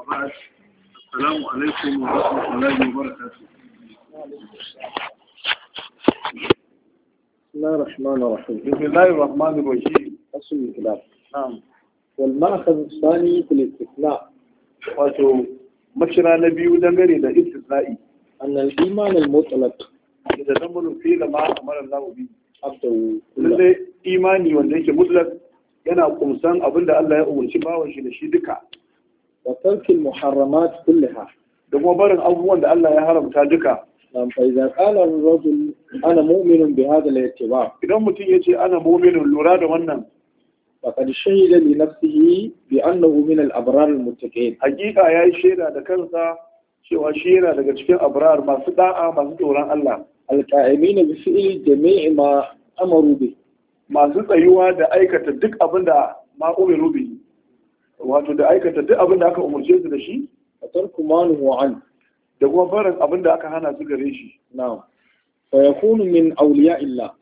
وبعد السلام عليكم ورحمة الله وبركاته بسم الله الرحمن الرحيم بسم الله الرحمن الرحيم أصل الكلام نعم والمأخذ الثاني في الاستثناء mashira na biyu dangane da istisna'i annal iman al mutlaq da zamanu fi da ma amara Allah bi abdu lalle imani wanda yake mutlaq yana kumsan abinda Allah ya umurci bawan da shi duka wa tarkil muharramat kullaha da kuma barin abubuwan da Allah ya haramta duka nan faiza idan qala ar-rajul ana mu'minun bi hadha al-ittiba idan mutum ya ce ana mu'minun lura da wannan faqad shahida li nafsihi bi annahu min al-abrar al-muttaqin hakika yayi shaida da kansa cewa shi yana daga cikin abrar masu ɗa'a masu tsoron Allah al-qa'imin bi fi'li jami'i ma amaru bi masu tsayuwa da aikata duk abinda da ma umiru bi wato da aikata duk abin da aka umarce su da shi a tarku manu wa'an da kuma barin abin da aka hana su gare shi na fa yakunu min awliya illa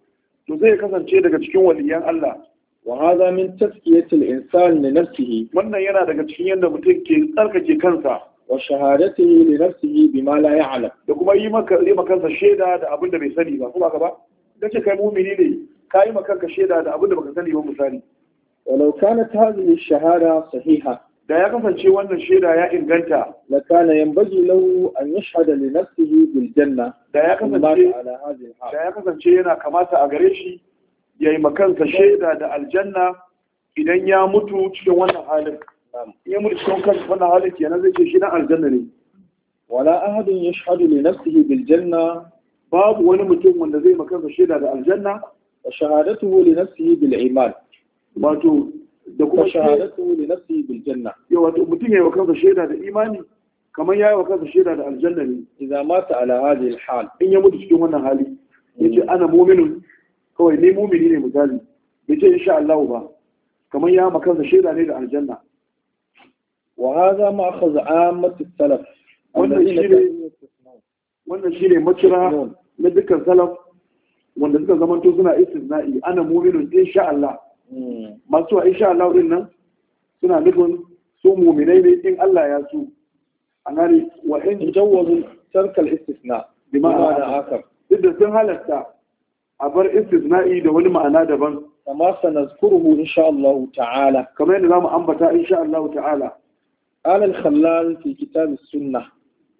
to zai kasance daga cikin waliyan Allah wa hadha min tazkiyati al-insan li nafsihi wannan yana daga cikin yadda mutum ke tsarkake kansa wa shahadatihi li nafsihi bima la ya'lam da kuma yi maka kansa shaida da abin da bai sani ba kuma ka ba kace kai mu'mini ne kai maka kanka shaida da abin da baka sani ba misali walau kanat hadhihi shahada sahiha da ya kasance wannan shaida ya inganta la kana yanbaghi lahu an yashhada li nafsihi bil janna da ya kasance da ya kasance yana kamata a gare shi yayi makansa shaida da aljanna idan ya mutu cikin wannan halin ya mutu cikin kan wannan halin kenan zai ce shi na aljanna ne wala ahadun yashhadu li nafsihi bil janna babu wani mutum wanda zai makansa shaida da aljanna wa shahadatuhu li nafsihi bil iman wato da kuma shahadatu li nafsi bil janna yo wato mutum yayi wa kansa shaida da imani kamar yayi wa kansa shaida da aljanna ne idan mata ala hadhihi hal in ya mutu cikin wannan hali yace ana mu'minun kawai ni mu'mini ne misali yace insha Allah ba kamar ya wa kansa shaida ne da aljanna wa hadha ma akhadha amatu salaf wannan shine wannan shine makira na dukkan salaf wanda suka zamanto suna istisna'i ana mu'minun insha Allah masu Aisha insha nan suna nufin su mu'minai ne in Allah ya su a gane wa in jawazu tarkal istisna bi ma'ana akam duk da sun halatta a bar istisna'i da wani ma'ana daban kama sanazkuruhu insha Allah ta'ala kamar yadda zamu ambata insha Allah ta'ala قال الخلال في كتاب السنة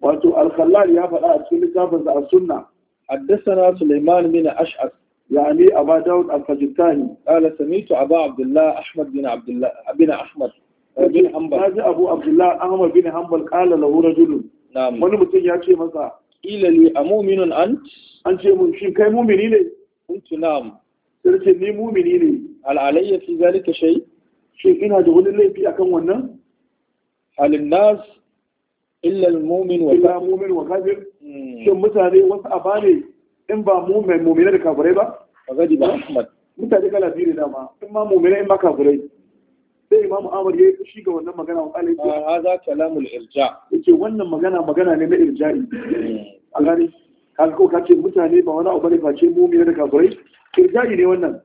وأنتو الخلال يا فلا أتكلم كتاب السنة حدثنا سليمان من أشعث يعني أبا داود الفجتاني قال سميت أبا عبد الله أحمد بن عبد الله بن أحمد بن حنبل هذا أبو عبد الله أحمد بن حنبل قال له رجل نعم wani mutum ya ce masa ila li a muminin an an ce mun shin kai mumini ne kuntu na'am sai ce ni mumini ne al'alayya fi zalika shay shin ina da wani laifi akan wannan halin nas illa mumin wa kafir mumin wa shin mutane wasu in ba mu mai mumina da kafirai ba ba ba Ahmad mutane kala biyu ne dama in ma mumina in ma kafirai sai Imam Ahmad ya yi fushi ga wannan magana wa kalai ce hadha kalamul irja yace wannan magana magana ne na irja'i hmm. a gani kaga ko kace mutane ba wani abu ne face mumina da kafirai irja'i ne wannan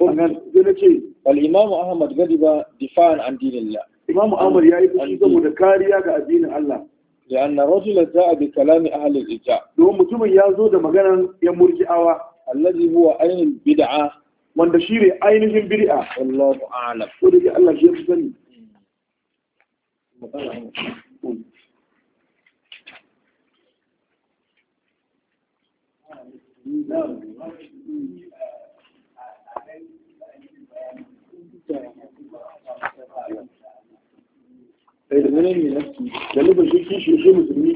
wannan hmm. zai nace al Imam Ahmad gadi ba difa'an an dinillah Imam Ahmad ya yi fushi mu da kariya ga addinin Allah da an na rasu da za a bi kalami a halin ita domin mutumin ya zo da maganar yan murji'awa allazi huwa ainihin bida'a wanda shi ne ainihin bida'a da mene ne da nufin shi kishi shi musulmi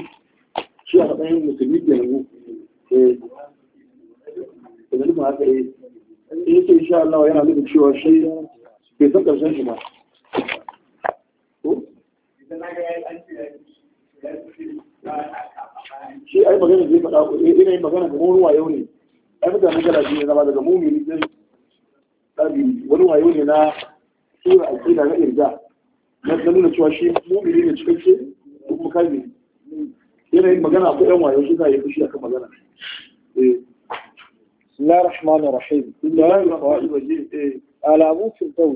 shi a matsayin musulmi ke yanzu eh, da nufin haka yi eh. in yake insha Allah yana nufin cewa shi ke san karshen shi ma shi yi magana zai faɗa eh, ina yin magana kamar ruwa yau ne ai mutane kala biyu ne zama daga mumini ɗin wani wayo ne na sura aƙida na irga na nuna cewa shi mumini ne cikakke kuma kaji yanayin magana akwai yan wayo shi za a fushi akan magana بسم الله الرحمن الرحيم بسم الله في الزوج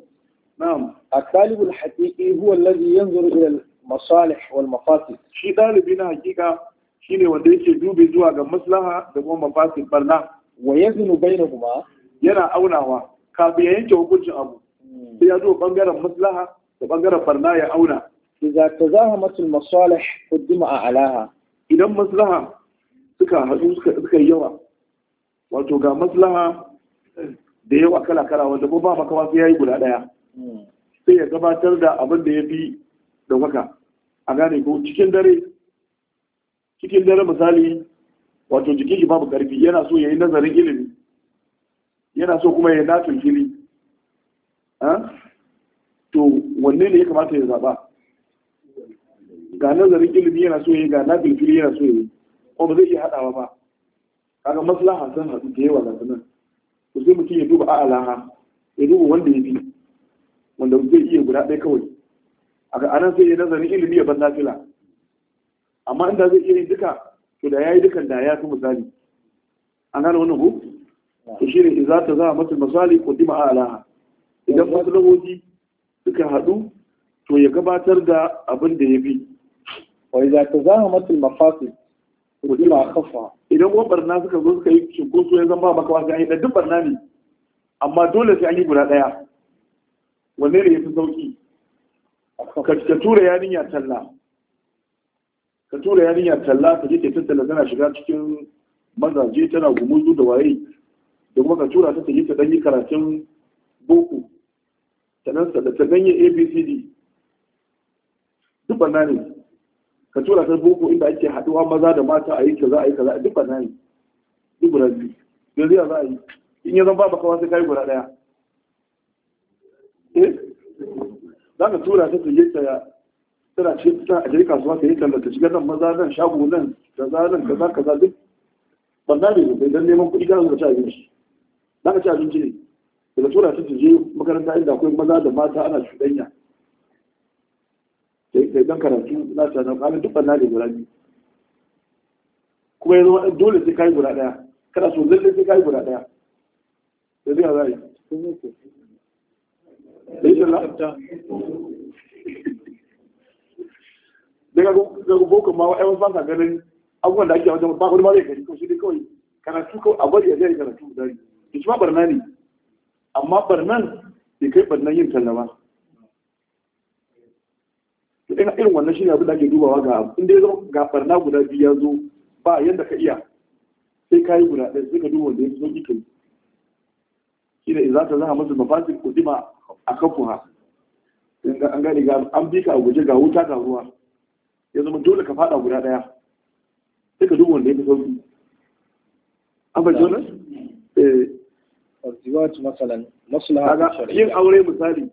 نعم الطالب الحقيقي هو الذي ينظر إلى المصالح والمفاسد شي طالب هنا حقيقة شيني wanda yake dubi zuwa ga maslaha da kuma mafasid barna wa yazinu yana aunawa kafin ya yanke hukuncin abu hmm. sai ya zo bangaren maslaha da bangaren barna ya auna idza tazahamat al masalih a alaha idan maslaha suka hadu suka yawa wato ga maslaha da yawa kala kala wanda ko ba makawa sai yayi guda daya hmm. sai ya gabatar da abin da yafi da waka a gane ko cikin dare cikin dare misali wato jikin shi babu karfi yana so yayi nazarin ilimi yana so kuma ya natun fili ah? wanne ne ya kamata ya zaba ga nazarin ilimi yana so yi ga na yana so yi ko ba zai iya haɗawa ba kaga maslaha sun haɗu da yawa da sanar Ku sai mutum ya duba a'alaha ya duba wanda ya bi wanda zai iya guda ɗaya kawai a ga anan sai ya nazarin ilimi ya ban nafila amma inda zai iya yin duka to da ya yi dukan da ya fi misali an gane wannan ku to shine idan za ta za a masu misali ko dima a'alaha idan masu suka haɗu to ya gabatar da abin da ya fi wai za ta zama matul mafasi ma kafa idan kuma barna suka zo suka yi cinkoso ya zama maka wasu ainihin duk barna ne amma dole sai an yi guda ɗaya wanne ne ya fi sauki ka tura yarinya talla ka tura yarinya talla ka je ke tattala tana shiga cikin mazaje tana gumuzu da waye da kuma ka tura ta ta yi ta ɗan yi karatun boko sanarsa da ta ganye abcd duk banna ne ka tura ta boko inda ake haɗuwa maza da mata a yi kaza a yi kaza duk banna ne duk guda biyu yanzu ya za a yi in ya zan ba baka wasu kai guda ɗaya eh za ka tura ta tuje ta tana ce ta a jirka kasuwa ta yi tallata shiga nan maza nan shago nan za nan kaza kaza duk banna ne sosai don neman kuɗi kan zuwa ci abinci za ka ci abinci ne daga tura su su je makaranta inda akwai maza da mata ana cuɗanya sai dan karatu na ta na kwanan duk banna ne guda biyu kuma yanzu dole sai kai guda daya kana so lalle sai kai guda daya sai zai zai sai da lafta daga ga boko ma wa'ayan ba sa ganin abubuwan da ake wajen ba wani ma zai gari kawai shi dai kawai karatu kawai a bari ya zai karatu da shi ma barna ne amma barnan bai kai barnan yin talla ba to ina irin wannan shi ne abin da ake dubawa ga in dai zama ga barna guda biyu ya zo ba yadda ka iya sai ka yi guda ɗaya sai ka duba wanda ya zo ikin shi ne za ta zaha masu mafasin kudima a kafu ha an gane ga an bi ka a guje ga wuta ga ruwa ya zama dole ka fada guda ɗaya sai ka duba wanda ya fi sauki an fahimci azziwaj masalan maslaha yin aure misali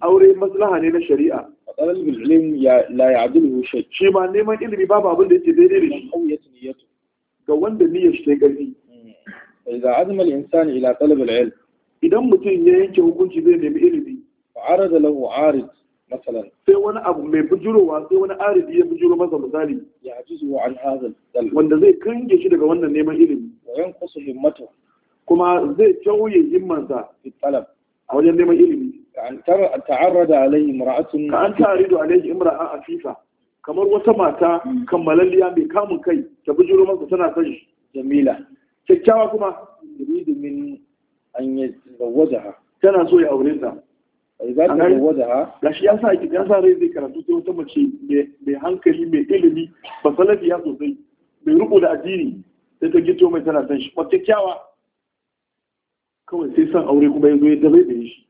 aure maslaha ne na shari'a talal bil ilm ya la ya'dilu shay shi ma neman ilimi babu abin da yake daidai da shi auyatu niyatu ga wanda niyyar shi ta gani idan azma al insani ila talab al ilm idan mutum ya yanke hukunci zai nemi ilimi fa arada lahu arid masalan sai wani abu mai bujurowa sai wani aridi ya bujuro masa misali ya ajizu an hadha wanda zai kange shi daga wannan neman ilimi Wayan yanqusu himmatu kuma zai tauye himmansa fi talab a wajen neman ilimi an ta'arrada alaihi imra'atun ka an ta'arradu alaihi imra'a afifa kamar wata mata kammalalliya mai kamun kai ta bijiro masa tana son shi jamila kyakkyawa kuma yuridu min an yazawwajaha tana so ya aure ta idan ta zawwajaha gashi ya sa ya sa rai zai karatu sai wata mace mai hankali mai ilimi ba salafiya sosai mai riko da addini sai ta gito mai tana son shi kyakkyawa kawai sai san aure kuma ya ya dabai da shi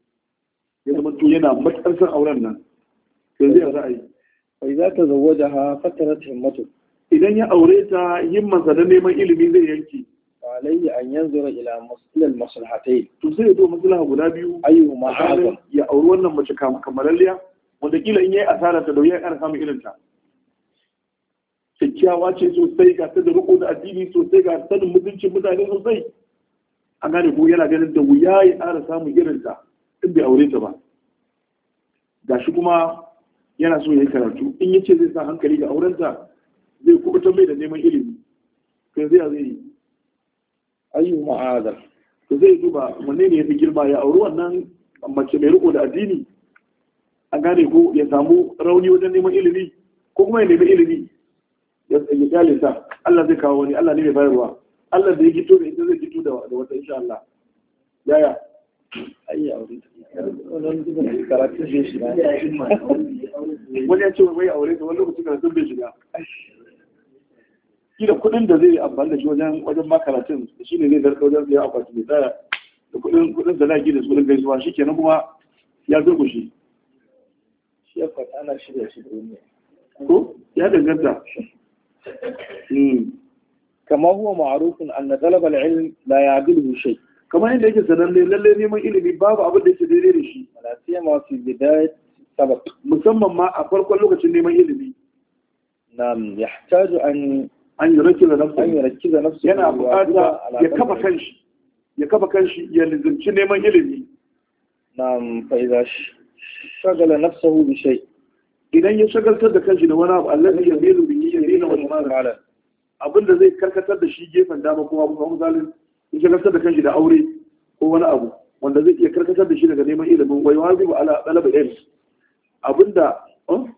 ya zama to yana matsar san auren nan yanzu ya ra'ayi bai za ta zawaja ha fatara himmatu idan ya aure ta himmansa na neman ilimi zai yanke alayhi an yanzura ila maslal maslahatai to sai ya zo maslaha guda biyu ayu ma ya auri wannan mace kamalalliya wanda kila in yayi asara ta da ya ƙara samun irin ta kyakkyawa ce sosai ga ta da riko da addini sosai ga sanin mutuncin mutane sosai an gane ko yana ganin da wuya ya ƙara samun irinta in bai aure ta ba ga shi kuma yana so ya yi karatu in ya ce zai sa hankali ga aurenta zai kubutar mai da neman ilimi to zai zai yi ayyu ma'adar to zai duba wanne ne ya fi girma ya auri wannan mace mai riko da addini an gane ko ya samu rauni wajen neman ilimi ko kuma ya nemi ilimi ya kyale ta Allah zai kawo wani Allah ne mai bayarwa Allah da ya gito da ita zai gito da wata insha Allah yaya ayya aure karatu zai shiga wani ya ce wa wai aure da wani lokacin karatun bai shiga kila kuɗin da zai amfani da shi wajen wajen makaratun shi ne zai zarta wajen zai akwati mai tsaya da kuɗin kudin da zai da kuɗin gaisuwa shi kenan kuma ya durkushe shi akwati ana shirya shi da wani ko ya danganta hmm. kama huwa ma'arufin na talabal ilm la ya ya'dilu shay kamar yadda yake sananne lalle neman ilimi babu abin da yake daidai da shi la siyama fi bidayat sabab musamman ma a farkon lokacin neman ilimi nam ya yahtaju an an yi nafsu an yurakiza yana buƙata ya kafa kanshi ya kafa kanshi ya lizinci neman ilimi nam fa idza shagala nafsuhu bi shay idan ya shagaltar da kanshi da wani abu allah, ya allazi yamilu bihi yamilu wani yamara abin da zai karkatar da shi gefen dama kuma abu kamar misalin in ka shagaltar da kanshi da aure ko wani abu wanda zai iya karkatar da shi daga neman ilimin wai wani ba ala ɗalaba ilmi abinda da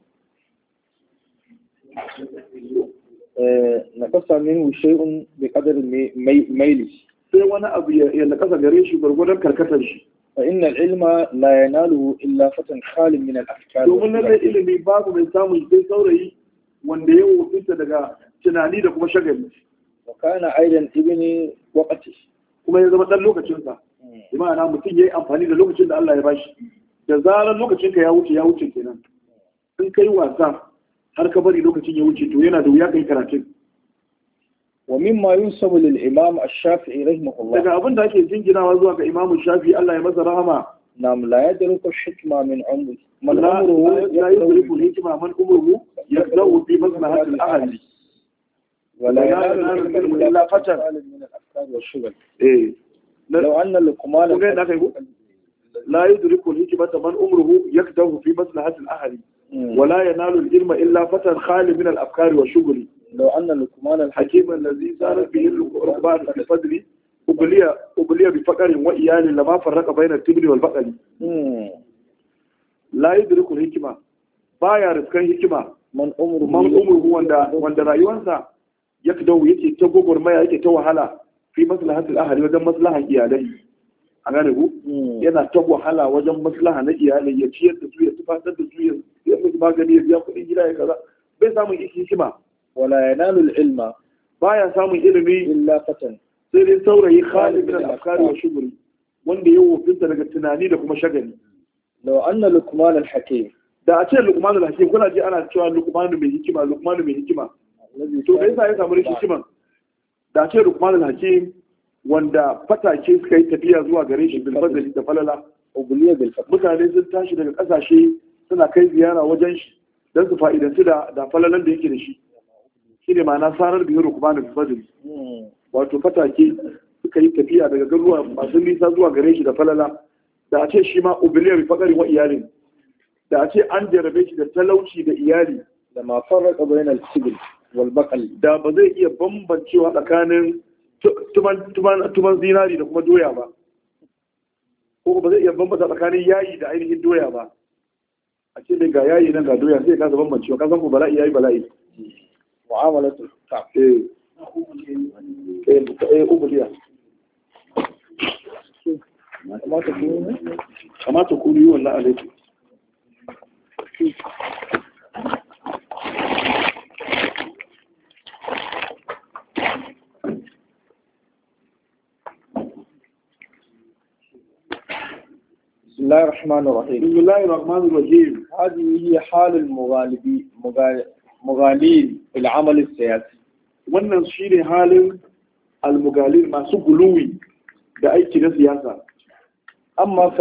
na kasa min shay'un bi qadar maili sai wani abu ya na kasa gare shi gurgurdan karkatar shi fa inna al-ilma la yanalu illa fatan khalin min al-afkar domin nan ilimi babu mai samu sai saurayi wanda ya wuce daga tunani da kuma shagali wa kana aidan ibni waqti kuma ya zama ɗan lokacin sa hmm. imana mutum ya yi amfani da lokacin da Allah ya bashi da zarar lokacin ka ya wuce ya wuce kenan in kai wasa har ka bari lokacin ya wuce to yana da wuya kai karatun wa mimma yunsabu lil imam ash-shafi'i rahimahullah daga abin da ake jinginawa zuwa ga imam ash-shafi'i Allah ya masa rahama nam la yadruku hikma min umri man umruhu la yadruku hikma man umruhu yaqdahu bi maslahati ahli la yudrikul hikmata man umruhu yakdahu fi maslahati al-ahli wa la yanalu al-ilma illa fatan khali min afkari wa shughli hakim alladhi sarat bihi al-qurban fi fadli ubliya ubliya bi wa iyali lama farraqa bayna al-tibri wal baqali la ba ya rifkan hikma man umruhu man umruhu wanda wanda yakdau yake ta gogormaya yake ta wahala fi maslahatul ahli wajen maslahan iyalai a gane ku hmm. yana ta wahala wajen maslaha na iyalai ya ciyar da su ya tufatar da su ya ya musu magani ya biya kuɗin gida ya kaza bai samun hikima wala yanalu ilma baya samun ilimi illa fatan sai dai saurayi khalid min al-afkari wa shughli wanda ya wofinta daga tunani da kuma shagali law anna luqman al-hakim da a ce luqman al-hakim kuna ji ana cewa luqman mai hikima luqman mai hikima to da yasa ya samu rikin shiman da ce rukman hakim wanda fatake suka yi tafiya zuwa gare shi bilfazali da falala mutane sun tashi daga kasashe suna kai ziyara wajen shi don su fa'idansu da falalan da yake da shi shi ne ma'ana sarar biyar rukman al bilfazali hmm. wato fatake suka yi tafiya daga garuwa masu nisa zuwa gare shi da falala da a ce shi ma ubuliya bil fakari wa iyali da a ce an jarabe shi da talauci da iyali da ma farraka bainal sibil Walbakali. da ba zai iya bambancewa tsakanin tuban zinari da kuma doya ba ko ba zai iya bambanta tsakanin yayi da ainihin doya ba a ce dai ga yayi nan ga doya sai kasa bambancewa ka san ku bala'i yayi bala'i mu'amalatu ta eh eh, eh kamata ku yi alaikum الله الرحمن الرحيم بسم الله الرحمن الرحيم هذه هي حال المغالبين مغالين في العمل السياسي wannan shine halin almugalin masu guluwi da aiki na siyasa amma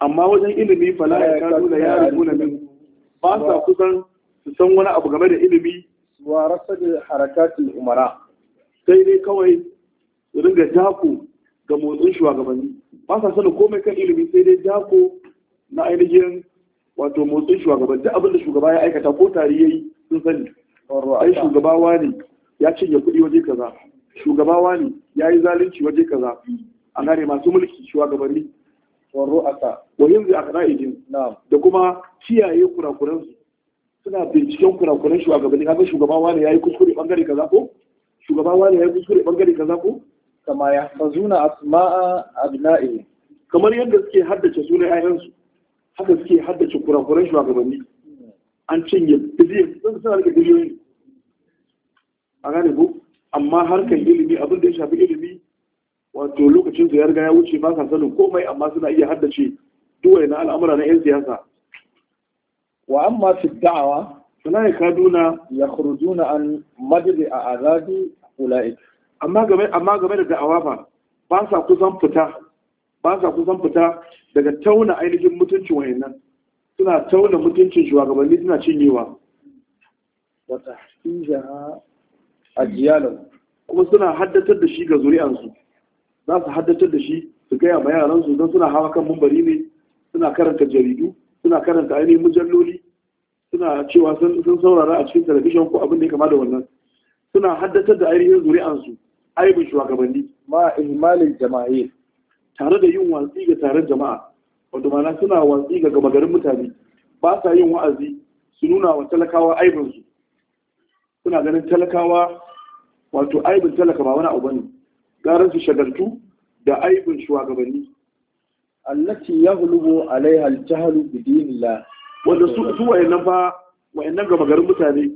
amma wajen ilimi fala ya kado da ya rubuta min ba sa kusan su san wani abu game da ilimi wa rasad harakatul umara sai dai kawai ringa taku ga motsin shugabanni ba sa sanin komai kan ilimi sai dai jako na ainihin wato motsin shugaban duk abin da shugaba ya aikata ko tarihi yayi sun sani ai shugabawa ne ya cinye kuɗi waje kaza shugabawa ne ya yi zalunci waje kaza a gane masu mulki shugabanni warro asa wa yanzu aka ra'idin da kuma kiyaye kurakuran su suna binciken kurakuran shugabanni kaga shugabawa ne yi kuskure bangare kaza ko shugabawa ne yi kuskure bangare kaza ko kama ya fazuna asma'a abna'i kamar yadda suke haddace sunan ayyansu haka suke haddace kurakuran shugabanni an cinye biliyan sun suna da bidiyoyi a gane ko amma harkar ilimi abin da ya shafi ilimi wato lokacin su ya riga ya wuce ba sa sanin komai amma suna iya haddace duwai na al'amura na 'yan siyasa wa amma su da'awa suna ya kaduna ya kurduna an madadi a azadi ula'ika amma game da da'awa fa ba sa kusan fita ba sa kusan fita daga tauna ainihin mutuncin wayannan suna tauna mutuncin shugabanni suna cinyewa hija a jiyala kuma suna haddatar da shi ga zuri'ansu za su haddatar da shi su gaya ma yaransu don suna hawa kan mumbari ne suna karanta jaridu suna karanta ainihin mujalloli suna cewa sun saurara a cikin talabijin ko abin da ya kama da wannan suna haddatar da ainihin zuri'ansu aibin shugabanni ma ihmalil jama'ir tare da yin watsi ga taron jama'a wato ma'ana suna watsi ga gama garin mutane ba sa yin wa'azi su nuna wa talakawa aibin su suna ganin talakawa wato aibin talaka ba wani abu bane garin su shagaltu da aibin shugabanni allati yahlubu alaiha al-jahlu bi dinillah wanda su su wayannan fa wayannan gama garin mutane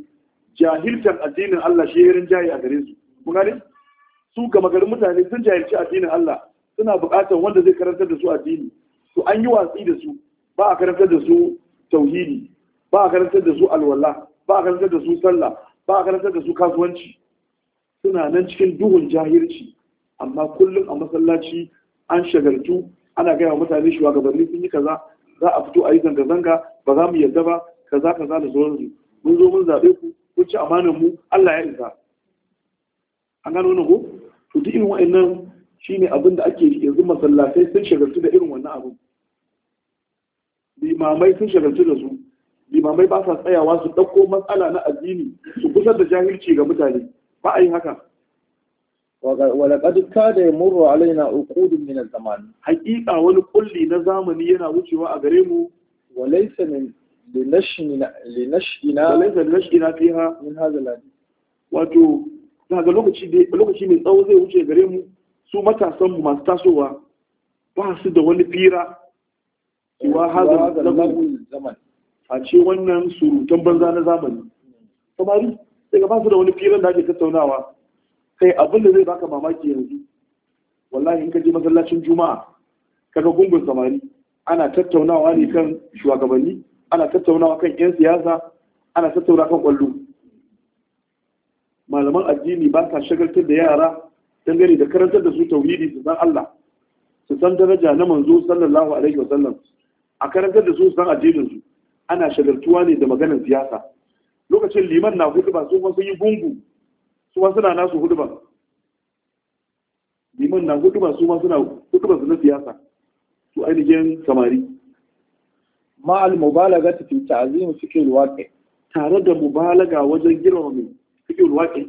jahiltan addinin Allah shi yarin jayi a gare su kun gane su gama garin mutane sun jahilci addinin Allah suna buƙatar wanda zai karantar da su addini to an yi watsi da su ba a karantar da su tauhidi ba a karantar da su alwala ba a karantar da su sallah ba a karantar da su kasuwanci suna nan cikin duhun jahilci amma kullum a masallaci an shagaltu, ana gaya wa mutane shugabanni sun yi kaza za a fito a yi zanga-zanga ba za mu yarda ba kaza kaza da sauransu mun zo mun zaɓe ku kun ci amanar mu Allah ya isa an gano nan ko to duk irin wa'annan shine abin da ake yanzu masallatai sun shagaltu da irin wannan abin limamai sun shagaltu da su limamai ba sa tsayawa su ɗauko matsala na addini su kusar da jahilci ga mutane ba a yi haka walaƙad kada ya murra alaina uqudun min zaman haƙiƙa wani kulli na zamani yana wucewa a gare mu walaysa min linashina linashina walaysa linashina fiha min hadha wato suna ga lokaci mai tsawo zai wuce gare mu su matasan mu masu tasowa ba su da wani fira kiwa hazar zaman a ce wannan surutan banza na zamani samari daga ba su da wani firan da ake tattaunawa kai abin da zai baka mamaki yanzu wallahi in ka je masallacin juma'a kaga gungun samari ana tattaunawa ne kan shugabanni ana tattaunawa kan yan siyasa ana tattaunawa kan kwallo malaman addini ba ka shagaltar da yara dangane da karantar da su tauhidi su san Allah su san daraja na manzo sallallahu alaihi wasallam a karantar da su su san addinin su ana shagaltuwa ne da maganar siyasa lokacin liman na huduba su kuma sun yi gungu su ma suna nasu huduba liman na huduba su ma suna huduba su na siyasa su ainihin samari ma'al mubalaga fi ta'zim fikr waqi tare da mubalaga wajen girmama fiqhul waqi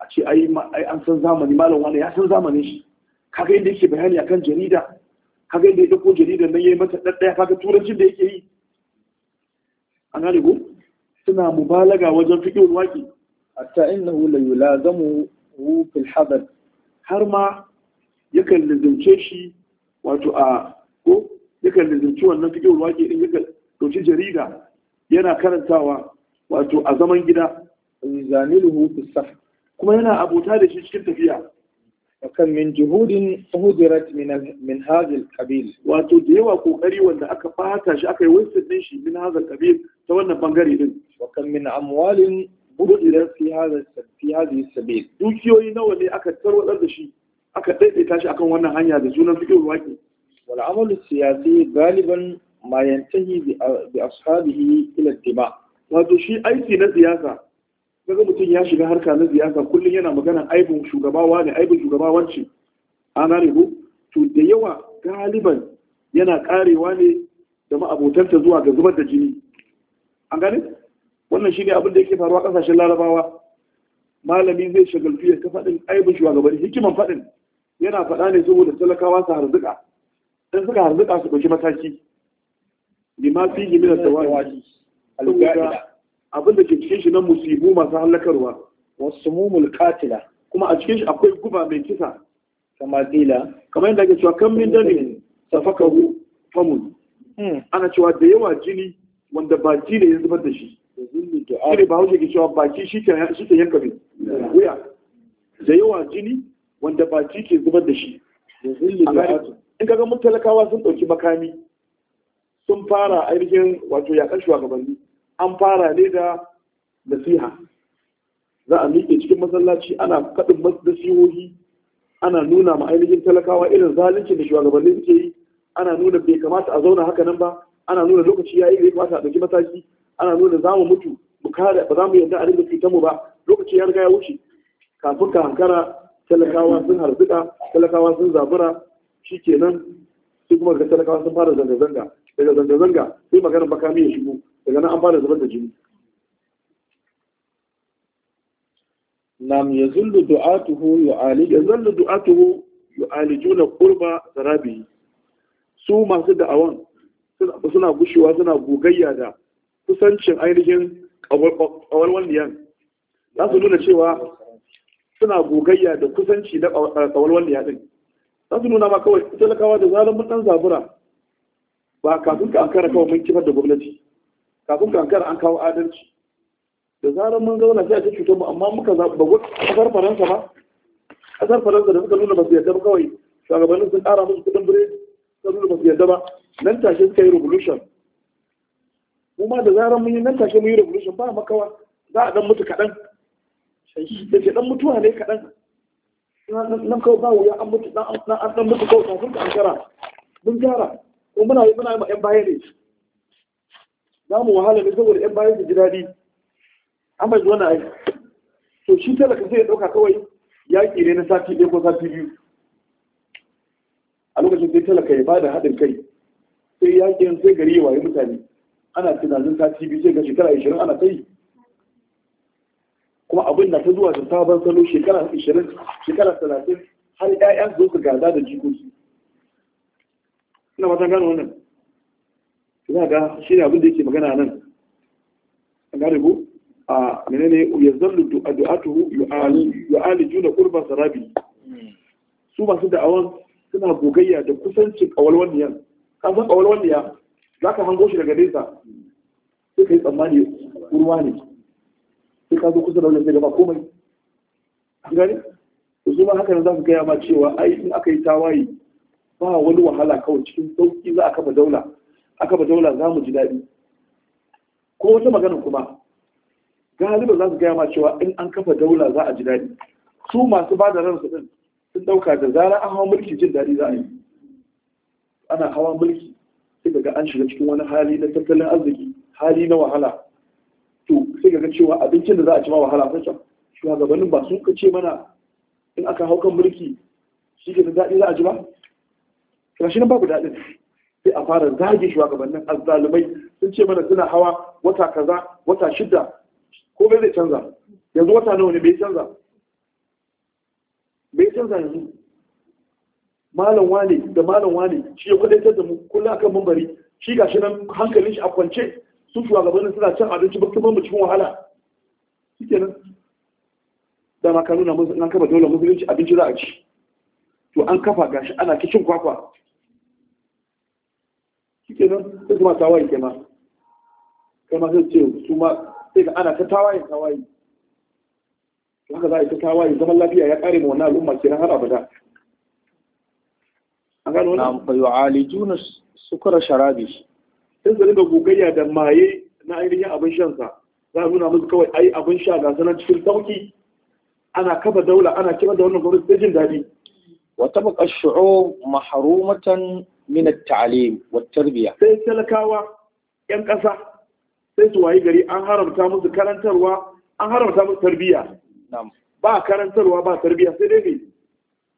a ce ai an san zamani malam wani ya san zamanin shi kaga inda yake bayani akan jarida kaga inda ya dauko jaridar nan yayi mata daddaya kaga turancin da yake yi an gane ko suna mubalaga wajen fiqhul waqi hatta innahu la yulazamu fil hadar har ma yakan lazumce shi wato a ko yakan lazumci wannan fiqhul waqi din yakan dauki jarida yana karantawa wato a zaman gida zamiluhu fi saf kuma yana abota da shi cikin tafiya akan min juhudin hudirat min hazil kabil wato da yawa kokari wanda aka fata shi aka yi wasted din shi min hazil kabil ta wannan bangare din wakan min amwalin hudirat fi hazil fi hazil sabil dukiyoyi nawa ne aka tarwatsar da shi aka daidaita shi akan wannan hanya da junan fikin waki wal amalu siyasi galiban ma yantahi bi ashabihi ila ittiba wato shi aiki na siyasa kaga mutum ya shiga harka na siyasa kullum yana magana aibin shugabawa ne aibin shugabawa ce gane ko to da yawa galiban yana karewa ne da ma'abotanta zuwa ga zubar da jini an gane wannan shine abin da yake faruwa kasashen larabawa malami zai shagaltu ya ta faɗin aibin shugabanni hikiman faɗin yana faɗa ne saboda talakawa su harzuka dan suka harzuka su ɗauki mataki ma fi min da wani. al abin da ke cikin shi na musibu masu hallakarwa wasu mumul katila kuma a cikin shi akwai guba mai kisa kama kamar yadda ake cewa kan min dani safakahu famun hmm. ana cewa da yawa jini wanda baki ne ya zubar da shi shi ne ba hausa ke cewa baki shi ke yanka bin wuya da yawa jini wanda baki ke zubar da shi in kaga mun talakawa sun ɗauki makami sun fara ainihin wato yaƙar shugabanni an fara ne da nasiha za a miƙe cikin masallaci ana faɗin nasihohi ana nuna ma ainihin talakawa irin zalunci da shugabanni suke yi ana nuna bai kamata a zauna haka nan ba ana nuna lokaci yayi da ya kamata a ɗauki mataki ana nuna za mu mutu mu kare ba za mu yarda a dinga cutar mu ba lokaci ya riga ya wuce kafin ka hankara talakawa sun harzuka talakawa sun zabura shikenan sai kuma ga talakawa sun fara zanga-zanga daga zanga-zanga sai maganar bakami ya shigo daga nan an fara zubar da jini nam yazullu du'atuhu yu'alij yazullu du'atuhu yu'alijuna qurba sarabi su masu da'awan suna gushewa suna gogayya da kusancin ainihin kawalwalliyan za su nuna cewa suna gogayya da kusanci da kawalwalliya din za su nuna ma kawai talakawa da zarar mun dan zabura ba kafin ka ankara kawai mun kifar da gwamnati kafin kankara an kawo adalci da zarar mun zauna sai a ce cutar mu amma muka zaɓa ba ƙasar faransa ba kasar faransa da suka nuna ba su yadda ba kawai shugabannin sun ƙara musu kuɗin bire sun nuna ba su yadda ba nan tashe suka yi revolution mu ma da zarar mun yi nan tashe mun yi revolution ba makawa za a ɗan mutu kaɗan da ke ɗan mutuwa ne kaɗan nan kawai ba wuya an mutu ɗan an mutu kawai kafin ka kara mun gyara ko muna yi muna yi ma 'yan baya ne za wahala ne saboda yan bayan su ji daɗi an bai zuwa ai to shi talaka sai ya ɗauka kawai yaƙi ne na sati ɗaya ko sati biyu a lokacin sai talaka ya bada haɗin kai sai yaƙin sai gari ya waye mutane ana tunanin sati biyu sai ga shekara ashirin ana kai kuma abin da ta zuwa da sabon salo shekara ashirin shekara talatin har 'ya'yan su su gada da jikoki ina mata gano wannan ina ga shi ne abin da yake magana nan Na gane ko a menene ya zallu addu'atuhu yu'ali juna qurba sarabi su masu da'awan suna gogayya da kusancin kawalwanniyan ka san kawalwanniya zaka hango shi daga nesa sai kai tsammani ruwa ne sai ka zo kusa da wannan sai gaba komai gani to su ma haka nan za su gaya ma cewa ai in aka yi tawaye ba wani wahala kawai cikin sauki za a kafa daula aka ba daula za mu ji daɗi ko wata magana kuma galiba za su gaya ma cewa in an kafa daula za a ji daɗi su masu ba da ransu din sun ɗauka da zara an hawa mulki jin daɗi za a yi ana hawa mulki sai daga an shiga cikin wani hali na tattalin arziki hali na wahala to sai ga cewa abincin da za a ci ma wahala sai shugabannin ba sun ce mana in aka hau kan mulki shi ke da daɗi za a ji ba? Kashi nan babu daɗin. sai a fara zage shugabannin azzalumai sun ce mana suna hawa wata kaza wata shida ko bai zai canza yanzu wata nawa ne bai canza bai canza yanzu malam wane da malam wane shi ya kudaitar da mu kullum akan mambari shi gashi nan hankalin shi a kwance su shugabannin suna cin abinci ba kuma mu cikin wahala shikenan da ma ka nuna mun an kafa dole musulunci abinci za a ci to an kafa gashi ana kicin kwakwa ke sai kuma tawaye ke ma sai ce su ma sai ga ana ta tawaye tawaye haka za a yi ta tawaye zaman lafiya ya kare ma wannan al'umma kenan har abada an gano wannan fa yu'alijuna sukara sharabi sai su rinka gogayya da maye na ainihin abin shan sa za a nuna musu kawai ai abin sha ga sanan cikin sauki ana kafa daula ana kira da wannan gwamnati ta jin daɗi wa tabqa ash-shu'ub min at-ta'lim wa tarbiya sai talakawa yan ƙasa sai su wayi gari an haramta musu karantarwa an haramta musu tarbiya ba karantarwa ba tarbiya sai dai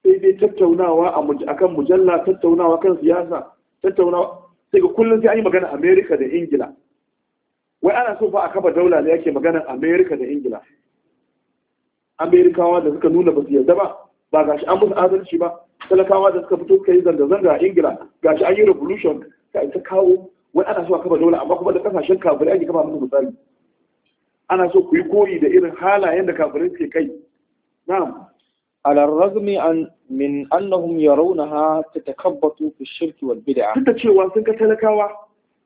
sai dai tattaunawa a akan mujalla tattaunawa kan siyasa tattaunawa sai ga kullum sai an yi magana Amerika da Ingila wai ana so fa a kafa daula ne yake magana Amerika da Ingila Amerikawa da suka nuna ba su yarda ba ba gashi an musu adalci ba talakawa da suka fito suka yi zanga-zanga a ingila gashi an yi revolution ka ita kawo wani ana so a kafa dola amma kuma da kasashen kafirai ake kafa musu misali ana so ku yi koyi da irin halayen da kafirai suke kai na'am ala razmi an min annahum yarawnaha tatakabbatu fi shirki wal bid'a duk da cewa sun ka talakawa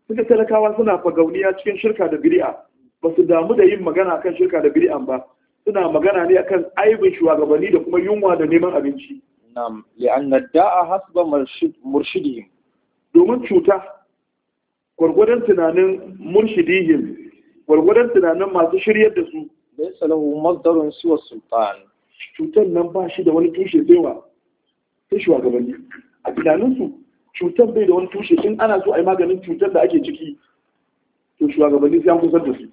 sun ka talakawa suna fagauniya cikin shirka da bid'a ba su damu da yin magana kan shirka da bid'an ba suna magana ne akan aibin shugabanni da kuma yunwa da neman abinci nam li'anna da'a hasba murshidihim domin cuta gwargwadon tunanin murshidihim gwargwadon tunanin masu shiryar da su laysa lahu masdarun siwa sultan cutar nan ba shi da wani tushe sai wa sai shugabanni a tunaninsu cutar bai da wani tushe in ana so a yi maganin cutar da ake ciki to shugabanni sai an kusa da su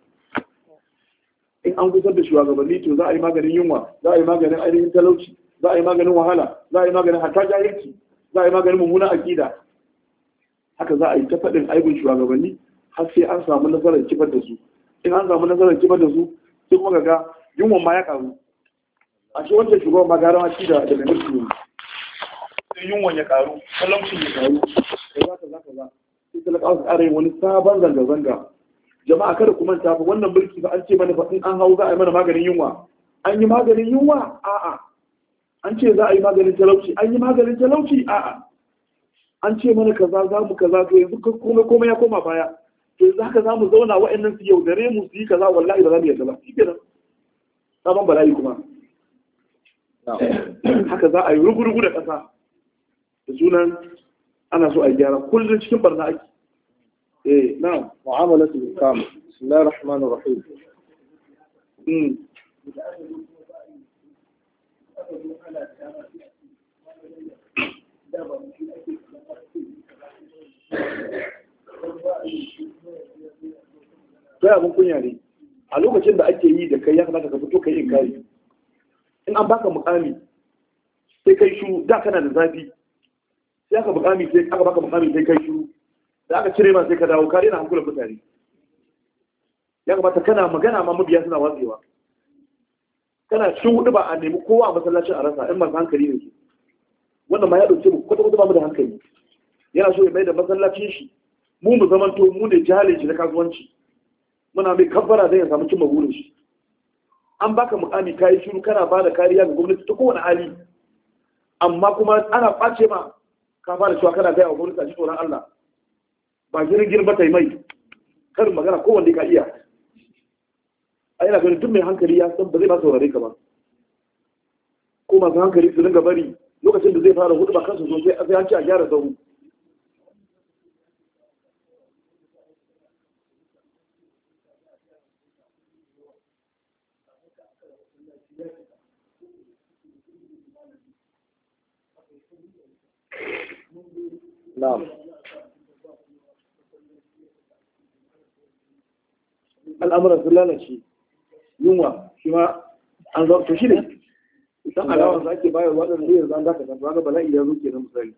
in an kusa da shugabanni to za a yi maganin yunwa za a yi maganin ainihin talauci za a yi maganin wahala za a yi maganin hata jahilci za a yi maganin mummuna akida haka za a yi ta faɗin aibin shugabanni har sai an samu nasarar kifar da su in an samu nasarar kifar da su sai kuma ga yunwa ma ya karu a shi wancan shugaban ma gara shi da daga mulki ne sai yunwan ya karu talaucin ya karu sai za ka za ka za sai talakawa su ƙara yin wani sabon zanga-zanga jama'a kada ku manta fa wannan mulki ba an ce mana fa in an hau za a yi mana maganin yunwa an yi maganin yunwa a'a an ce za a yi maganin talauci an yi maganin talauci a'a an ce mana kaza za mu kaza to yanzu kuma kuma ya koma baya to yanzu haka za mu zauna wa'annan su yaudare mu su yi kaza wallahi ba za mu yadda ba shi kenan sabon bala'i kuma haka za a yi rugurugu da ƙasa da sunan ana so a yi gyara kullum cikin barna ake eh na mu'amalatu bil kam bismillahir rahmanir rahim hmm. kai abin kunya ne a lokacin da ake yi da kai ya kamata ka fito kai in kari in an baka mukami sai kai shuru da kana da zafi sai aka mukami sai aka baka mukami sai kai shuru da aka cire ma sai ka dawo kare na hankulan mutane ya kamata kana magana ma mabiya suna watsewa Kana cikin hudu ba a nemi kowa a masallacin a rasa in masu hankali ne su wannan ma ya ɗauke mu kwata kwata ba mu da hankali yana so ya mai da masallacin shi mu mu zamanto mu ne jihalin shi na kasuwanci muna mai kabbara zai ya samu cimma burin shi an baka mukami yi shiru kana ba da kariya ga gwamnati ta kowane hali amma kuma ana ɓace ma ka fara cewa kana gaya wa gwamnati a ji tsoron Allah ba jirgin ba ta yi mai karin magana kowanne ka iya a yana ganin duk mai hankali ya san ba zai ba saurare ka ba ko masu hankali su dinga bari lokacin da zai fara hudu ba kansu zo sai an ci a gyara sauru نعم الأمر الزلالة شيء yunwa shi ma an zo to shi ne idan alawar za ake bayar wa yanzu an zaka bala'i ya zo kenan misali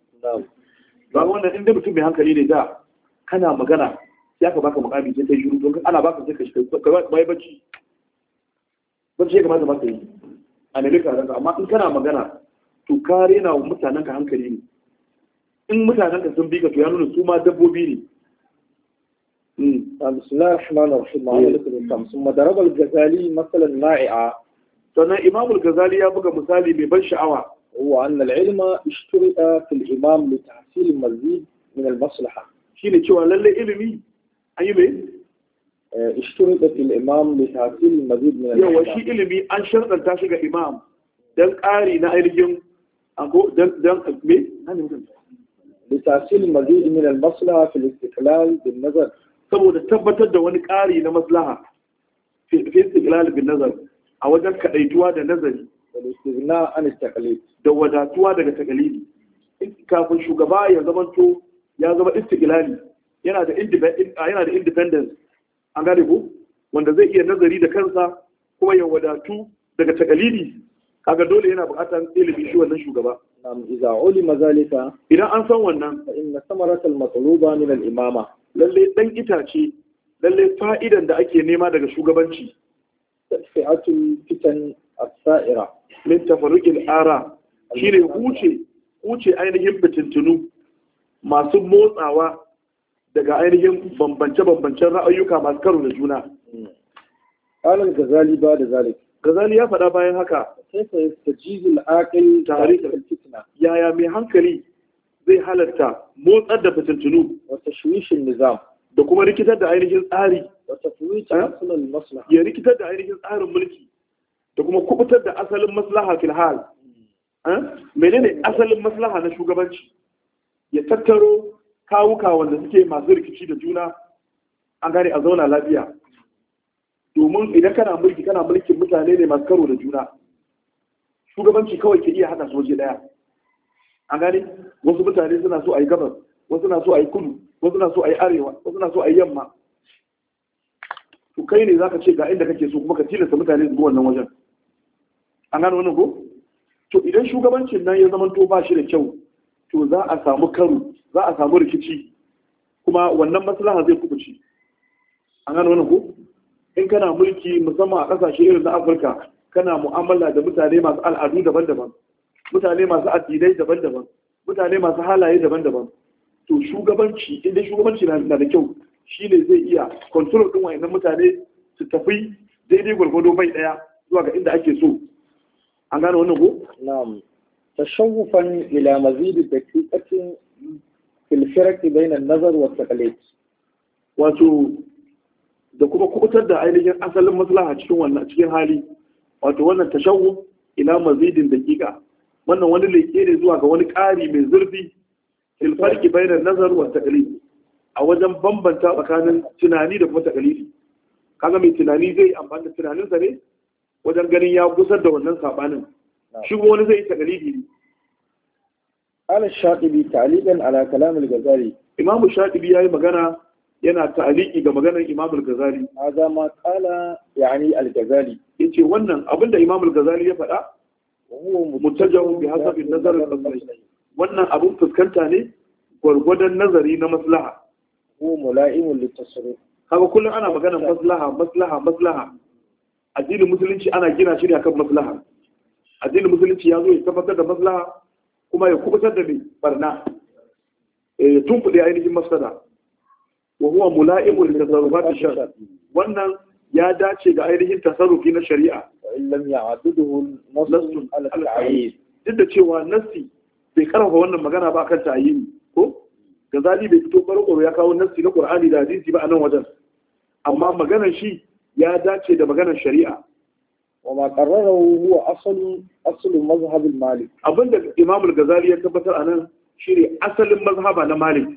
ba wannan inda mutum mai hankali ne da kana magana ya ka baka mukami sai kai shiru ana baka sai ka shi bacci bacci ya kamata a in kana magana to ka rena wa mutanen in mutanen ka sun bi ka to ya nuna su ma dabbobi ne آه، بسم الله الرحمن الرحيم إيه. ثم ضرب الغزالي مثلا ناعئا فانا امام الغزالي يبقى مثالي ببن شعوه ان العلم اشترط في الامام لتحصيل المزيد من المصلحه شيء تشوى للي علمي اي بي آه، اشترط في الامام لتحصيل المزيد من المصلحه وشي علمي ان شرط ان تاشق امام دل قاري نائرين اقول دل دل مي لتحصيل المزيد من المصلحه في الاستقلال بالنظر saboda tabbatar da wani ƙari na maslaha fi istiqlal bin nazar a wajen kadaituwa da nazari na an da wadatuwa daga takalidi kafin shugaba ya zamanto ya zama istiqlali yana da yana da independence an gane ko wanda zai iya nazari da kansa kuma ya wadatu daga takalidi kaga dole yana buƙatar ilimi shi wannan shugaba nam iza ulima zalika idan an san wannan inna samaratul matluba min al-imama lalle dan itace lalle fa'idan da ake nema daga shugabanci sa'atun fitan Asa'ira. min tafarruqil ara shine huce huce ainihin fitintunu masu motsawa daga ainihin bambance-bambancen ra'ayuka masu karo da juna alal gazali ba da zalik gazali ya faɗa bayan haka sai ta tajizul aqil tarikh al-fitna yaya mai hankali zai halarta motsar da fitintunu wata shuishin nizam da kuma rikitar da ainihin tsari ya rikitar da ainihin tsarin mulki da kuma kubutar da asalin maslaha fil hal menene asalin maslaha na shugabanci ya tattaro kawuka wanda suke masu rikici da juna an gane a zauna lafiya domin idan kana mulki kana mulkin mutane ne masu karo da juna shugabanci kawai ke iya haɗa soje ɗaya. an gane wasu mutane suna so a yi gabas wasu na so a yi kudu wasu na so a yi arewa wasu na so a yi yamma to kai ne zaka ce ga inda kake so kuma ka tilasta mutane su wannan wajen an gane wannan ko to idan shugabancin nan ya zama to ba shi da kyau to za a samu karo za a samu rikici kuma wannan maslaha zai kubuci an gane wannan ko in kana mulki musamman a kasashe irin na Afirka kana mu'amala da mutane masu al'adu daban-daban mutane masu addinai daban-daban mutane masu halaye daban-daban to shugabanci inda shugabanci na da kyau shine zai iya kontrol din wayannan mutane su tafi daidai gwargwado bai daya zuwa ga inda ake so an gane wannan ko na'am tashawufan ila da daqiqatin fil firq bain nazar wa taqlid wato da kuma kubutar da ainihin asalin maslaha cikin wannan cikin hali wato wannan tashawuf ila mazidin daqiqa wannan wani leke ne zuwa ga wani ƙari mai zurfi ilfarki bainar nazar wa taƙalifi a wajen bambanta tsakanin tunani da kuma taƙalifi kaga mai tunani zai amfani da tunaninsa ne wajen ganin ya gusar da wannan saɓanin shi wani zai yi taƙalili ne ala shaɗibi ta'aliƙan ala kalamul gazali imamu shaɗibi ya yi magana yana ta'aliki ga maganar Imam al-Ghazali. Haza ma kala yani al-Ghazali. Yace wannan abinda Imam al-Ghazali ya faɗa mutajahu bi hasabi nazar al-maslahi wannan abun fuskanta ne gwargwadon nazari na maslaha ko mula'imun litasarruf kaga kullum ana maganar maslaha maslaha maslaha addinin musulunci ana gina shi ne akan maslaha addinin musulunci ya zo ya tabbatar da maslaha kuma ya kubutar da mai barna eh, ya tunkuɗe ainihin masada wa huwa mula'imun litasarrufati shar wannan ya dace ga ainihin tasarrufi na shari'a duk da cewa nassi bai karfa wannan magana ba kan ta'ayyini ko Gazali bai fito baro ya kawo nassi na qur'ani da hadisi ba a nan wajen amma maganar shi ya dace da maganar shari'a wa ma qarrarahu huwa asalu asalu malik abinda imam al ya tabbatar anan shine asalin mazhaba na malik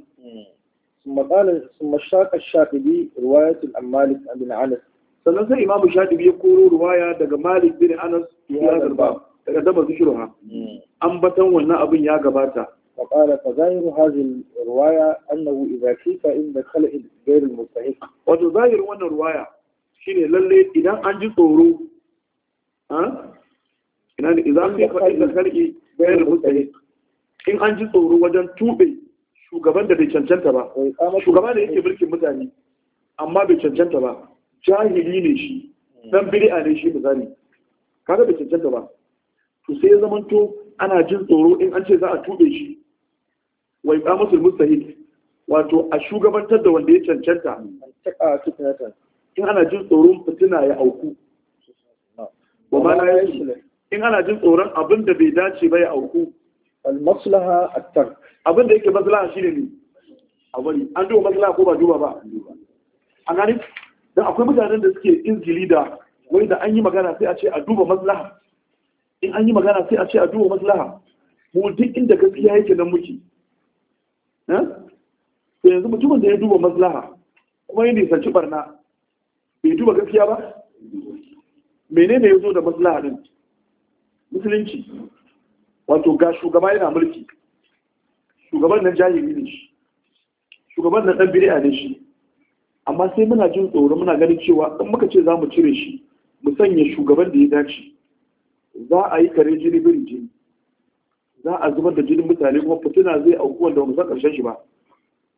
summa qala summa shaqa ash-shafi'i riwayat anas sannan sai imamu shadibi ya koro ruwaya daga malik bin anas ya garba daga daba ha. Hmm. an batan wannan abin ya gabata فقال فظاهر هذه الرواية أنه إذا شيك عند خلع غير المستحق وتظاهر وأن الرواية شيني للي إذا أنجي صورو ها إذا عند غير إن أنجي صورو وجن توبي shugaban da bai cancanta ba Shugaban da yake mulkin mutane amma bai cancanta ba jahili ne shi hmm. dan bid'a ne shi misali kaga da cancanta ba to sai ya zamanto ana jin tsoro in an ce za a tube shi wa iqamatul mustahil wato a shugabantar da wanda ya cancanta in ana jin tsoron fitina ya auku wa ma la in ana jin tsoron abin da bai dace ba ya auku al-maslaha at-tark abin da yake maslaha shine ne a bari an duba maslaha ko ba duba ba an gani da akwai mutanen da suke izgili da wai da an yi magana sai a ce a duba maslaha in an yi magana sai a ce a duba maslaha mu duk inda gaskiya yake nan muke eh? to yanzu mutumin da ya duba maslaha kuma ya nisanci barna bai duba gaskiya ba menene ya zo da maslaha din musulunci wato ga shugaba yana mulki shugaban nan jahili ne shi shugaban nan dan bid'a ne shi amma sai muna jin tsoro muna ganin cewa in muka ce za mu cire shi mu sanya shugaban da ya dace za a yi kare jini birin jini za a zubar da jinin mutane kuma fitina zai auku wanda ba san karshen shi ba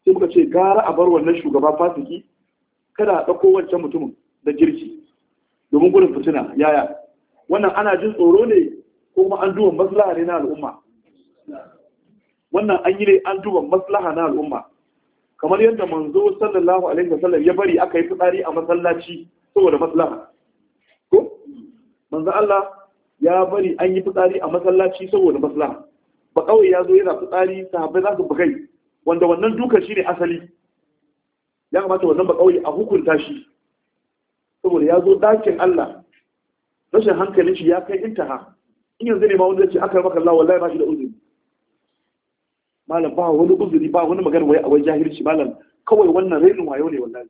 sai muka ce gara a bar wannan shugaba fasiki kada a ɗauko wancan mutumin da jirgi domin gudun fitina yaya wannan ana jin tsoro ne ko kuma an duba maslaha ne na al'umma wannan an yi ne an duba maslaha na al'umma kamar yadda manzo sallallahu alaihi wasallam ya bari aka yi fitsari a masallaci saboda maslaha ko manzo Allah ya bari an yi fitsari a masallaci saboda maslaha ba kawai ya zo yana fitsari sahabbai za su bugai wanda wannan duka shi ne asali ya kamata wannan ba kawai a hukunta shi saboda ya zo dakin Allah rashin hankalin shi ya kai intaha in yanzu ne ma wanda ya ce aka maka Allah wallahi ba shi da uzuri malam ba wani uzuri ba wani magana wai a wai jahilci malam kawai wannan rainin wayo ne wallahi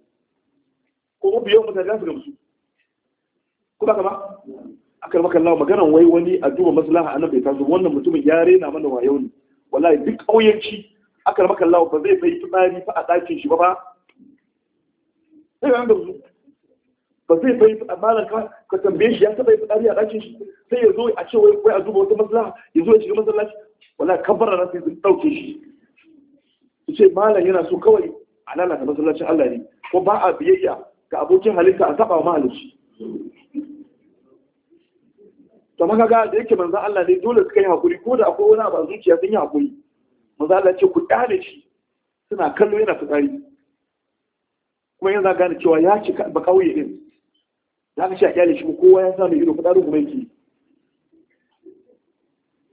ko biyo mutane za su gamsu kuma kama akar maka Allah maganan wai wani a duba maslaha annabi ya tazo wannan mutumin ya rena mana wayo ne wallahi duk kauyanci akar maka Allah ba zai bai tsari fa a dakin shi ba ba sai an gamsu ba zai bai malam ka ka tambaye shi ya taba tsari a dakin shi sai ya zo a ce wai a duba wata maslaha ya zo ya shiga masallaci wala kabbara na sai dauke shi su ce malam yana so kawai a lalata masallacin Allah ne ko ba a biyayya ga abokin halitta a saba ma to maka ga da yake manzo Allah ne dole suka yi hakuri ko da akwai wani abu zuciya sun yi hakuri manzo Allah ce ku dale shi suna kallo yana fitsari kuma yanzu gane cewa ya ci ba kauye din za ka ci a kyale shi kowa ya samu ido fitsarin kuma yake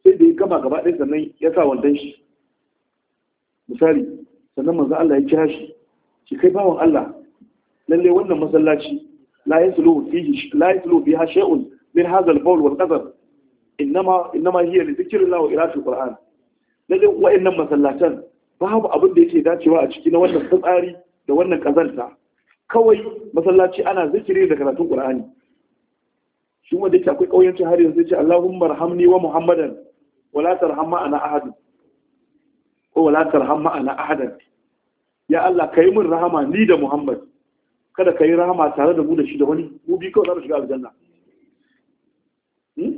sai da ya gama gaba ɗaya sannan ya sa wandon shi misali sannan manzo Allah ya kira shi shi kai bawan Allah lalle wannan masallaci la yasluhu fihi la yasluhu fiha shay'un min hadha al-bawl wal qadar innama innama hiya li dhikrillah wa qira'atil qur'an lalle wa'annan masallatan babu abin da yake dacewa a ciki na wannan tsari da wannan kazanta kawai masallaci ana zikiri da karatun qur'ani shi wanda yake akwai kauyanci har yanzu ce Allahumma rahamni wa Muhammadan wala tarham ma'ana ahad wala tarham ma'ana ahad ya Allah kai min rahama ni da Muhammad kada kai rahama tare da mu da shi da wani mu bi kawai za mu shiga aljanna hmm?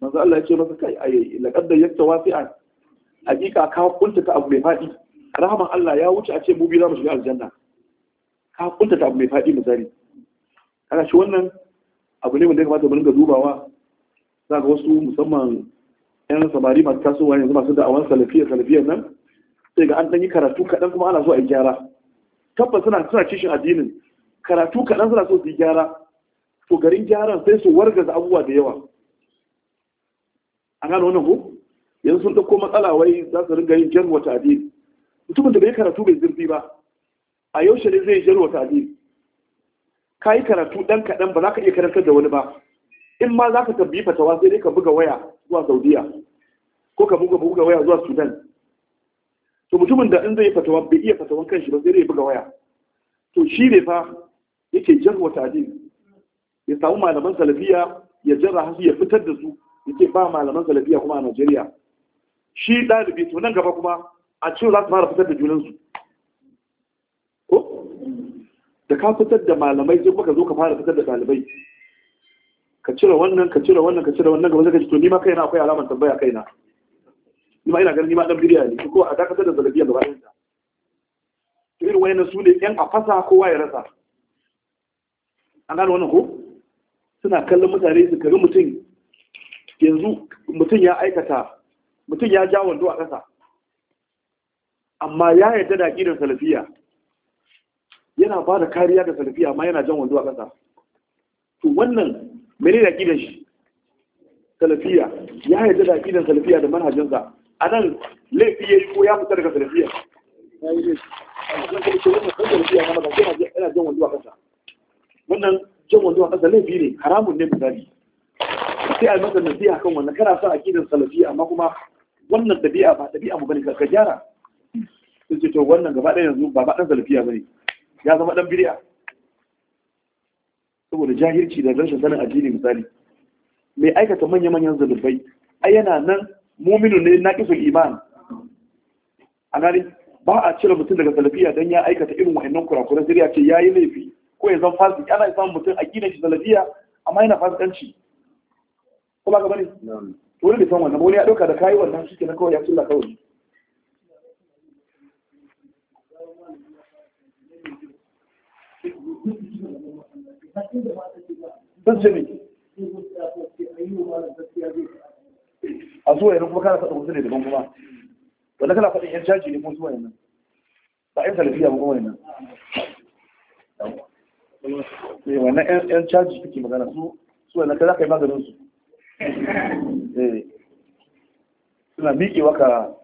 manzo Allah ya ce masa kai ayi laqad yakta wasi'an hakika ka kunta ta abu mai fadi rahaman Allah ya wuce a ce mu bi za mu shiga aljanna ka kunta ta abu mai fadi misali kana shi wannan abu ne wanda ya kamata mu dinga dubawa za wasu musamman yan samari masu tasowa yanzu masu da'awar salafiyar salafiyar nan sai ga an ɗan yi karatu kaɗan kuma ana so a yi gyara tabbas suna suna kishin addinin karatu kaɗan suna so su yi gyara to garin gyaran sai su wargaza abubuwa da yawa an gano wannan ko yanzu sun ɗauko matsala wai za su ringa yin jarwa ta addini mutumin da bai karatu bai zurfi ba a yaushe ne zai jarwa ta addini ka yi karatu ɗan kaɗan ba za ka iya karantar da wani ba in ma za ka tambayi fatawa sai dai ka buga waya zuwa saudiya ko ka buga buga waya zuwa sudan to mutumin da in zai fatawa bai iya fatawan kanshi ba sai dai buga waya to shi ne fa yake jarwa tadil ya samu malaman salafiya ya jarra hasu ya fitar da su yake ba malaman salafiya kuma a najeriya shi ɗalibi to nan gaba kuma a ce za su fara fitar da junansu ko da ka fitar da malamai sai kuma ka zo ka fara fitar da ɗalibai ka cire wannan ka cire wannan ka cire wannan gaba zaka ji to ni ma kaina akwai alamar tambaya kaina ni ma ina ganin ni ma dan biriya ne ko a dakatar da zalabiya gaba ɗayan ta to irin wayannan su ne yan a fasa kowa ya rasa an gano wannan ko suna kallon mutane su kari mutum yanzu mutum ya aikata mutum ya ja wando a ƙasa amma ya yarda da aƙidar salafiya yana ba da kariya ga salafiya amma yana jan wando a ƙasa to wannan mene da kidan shi salafiya ya yadda da kidan salafiya da manhajinsa a nan laifi ya yi ko ya fita daga salafiya wannan jan wando a ƙasa laifi ne haramun ne misali sai a yi masa nasiha kan wannan kana sa aƙidar salafiya amma kuma wannan ɗabi'a ba ɗabi'a mu bane ka gyara sun ce to wannan gaba ɗaya yanzu ba ba ɗan salafiya bane ya zama ɗan bid'a saboda jahilci da rashin sanin addini misali mai aikata manya-manyan zalibai ai yana nan muminu ne na kisan iman a gani ba a cire mutum daga salafiya don ya aikata irin wa'annan kurakuran sai ya ce ya yi laifi ko ya zan fasik ana samun mutum a gina shi salafiya amma yana fasikanci ko ba ka bane to wani bai san wannan wani ya dauka da kayi wannan shi ke na kawai ya cilla kawai sun ce mai a zuwa yanar kuma kana faɗa wasu ne daban kuma wanda kana faɗin yan caji ne kuma zuwa yanar ba yan talafiya ba kuma yanar eh, wannan yan caji kake magana su su yanar ka za ka yi maganin su eh. suna miƙewa ka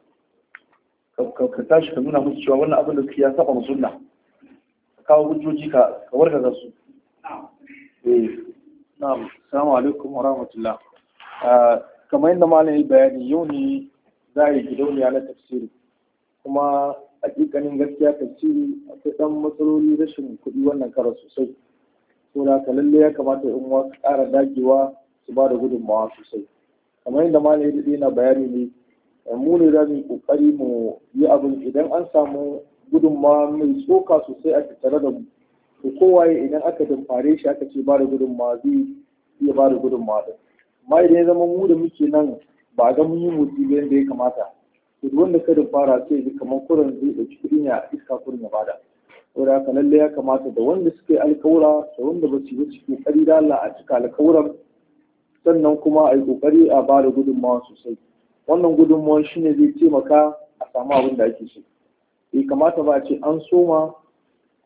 ka tashi ka nuna musu cewa wannan abin da suke ya saba musulla ka kawo hujjoji ka warka su Eh, na'am, salamu alaikum wa rahmatullah. Ah, kamar yadda malam bayani yau ne za a yi gidauniya na tafsiri. Kuma hakikanin gaskiya tafsiri akwai ɗan matsaloli rashin kuɗi wannan kara sosai. Saboda haka lalle ya kamata in wa su ƙara dagewa su ba da gudunmawa sosai. Kamar yadda malam yi na bayani ne eh, mu ne za mu ƙoƙari mu yi abin idan an samu gudunmawa mai tsoka sosai a tattare da mu. to kowaye idan aka dumfare shi aka ce ba da gudunmawa zai iya ba da gudunmawa din amma idan ya zama mu da muke nan ba ga mun yi motsi ba yadda ya kamata to duk wanda ka dumfara sai ji kamar kuran zai ɗauki kuɗi ne a iska kurin ya bada saboda haka lallai ya kamata da wanda suka yi alkawura da wanda ba su yi ciki kokari da Allah a cika alkawuran sannan kuma a yi kokari a ba da gudunmawa sosai wannan gudunmawa shine zai taimaka a samu abin da ake so bai kamata ba a ce an soma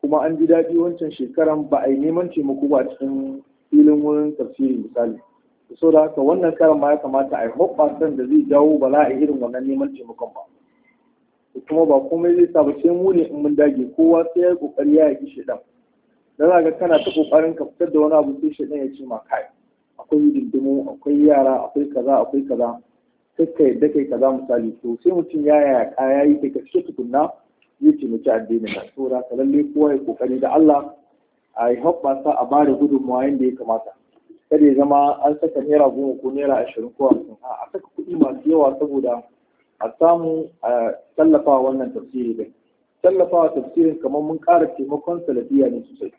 kuma an ji daɗi wancan shekaran ba a yi neman taimako ba cikin filin wurin tafsiri misali so da haka wannan karan ma ya kamata a yi hoɓɓasan da zai jawo ba za a yi irin wannan neman taimakon ba kuma ba komai zai sa ba sai mu ne in mun dage kowa sai ya yi ƙoƙari ya yaƙi shaidan da za ka kana ta ƙoƙarin ka fitar da wani abu sai shaidan ya ce ma kai akwai dindimu akwai yara akwai kaza akwai kaza sai ka yadda kai kaza misali to sai mutum ya yaya ya yi kai ka cike tukunna zai taimaki addinin ka saboda ka lalle kowa ya kokari da Allah a yi hoɓɓasa a bada gudunmawa yadda ya kamata kada ya zama an saka naira goma ko naira ashirin ko hamsin a saka kuɗi masu yawa saboda a samu a tallafa wannan tafsiri tallafawa tafsirin kamar mun ƙara taimakon salafiya ne sosai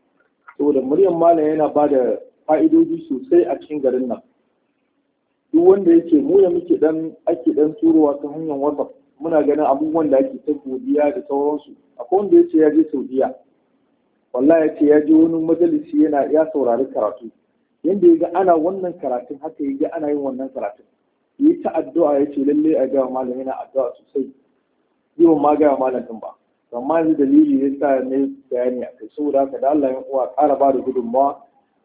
saboda muryan malam yana ba da fa'idodi sosai a cikin garin nan duk wanda yake mu da muke dan ake dan turowa ta hanyar whatsapp muna ganin abubuwan da ake ta godiya da sauransu akwai wanda ya ce ya je saudiya wallahi ya ce ya je wani majalisi yana ya saurari karatu yanda ya ga ana wannan karatun haka ya ga ana yin wannan karatun yi ta addu'a ya ce lallai a gaya malam yana addu'a sosai yi ban ma gaya malam din ba amma yanzu dalili ya sa ne bayani a kai saboda haka da Allah ya uwa ƙara ba da gudunmawa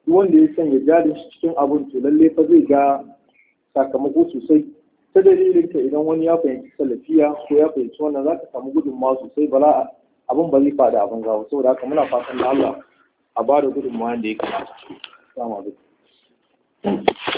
duk wanda ya sanya jarin shi cikin abin to lallai fa zai ga sakamako sosai ta dalilin ta idan wani ya fahimci salafiya ko ya fahimci wannan za ka samu gudunmawa sosai ba za abin ba zai faɗi abin gawa saboda haka muna fatan da Allah a ba da gudunmawa da ya kamata. Sama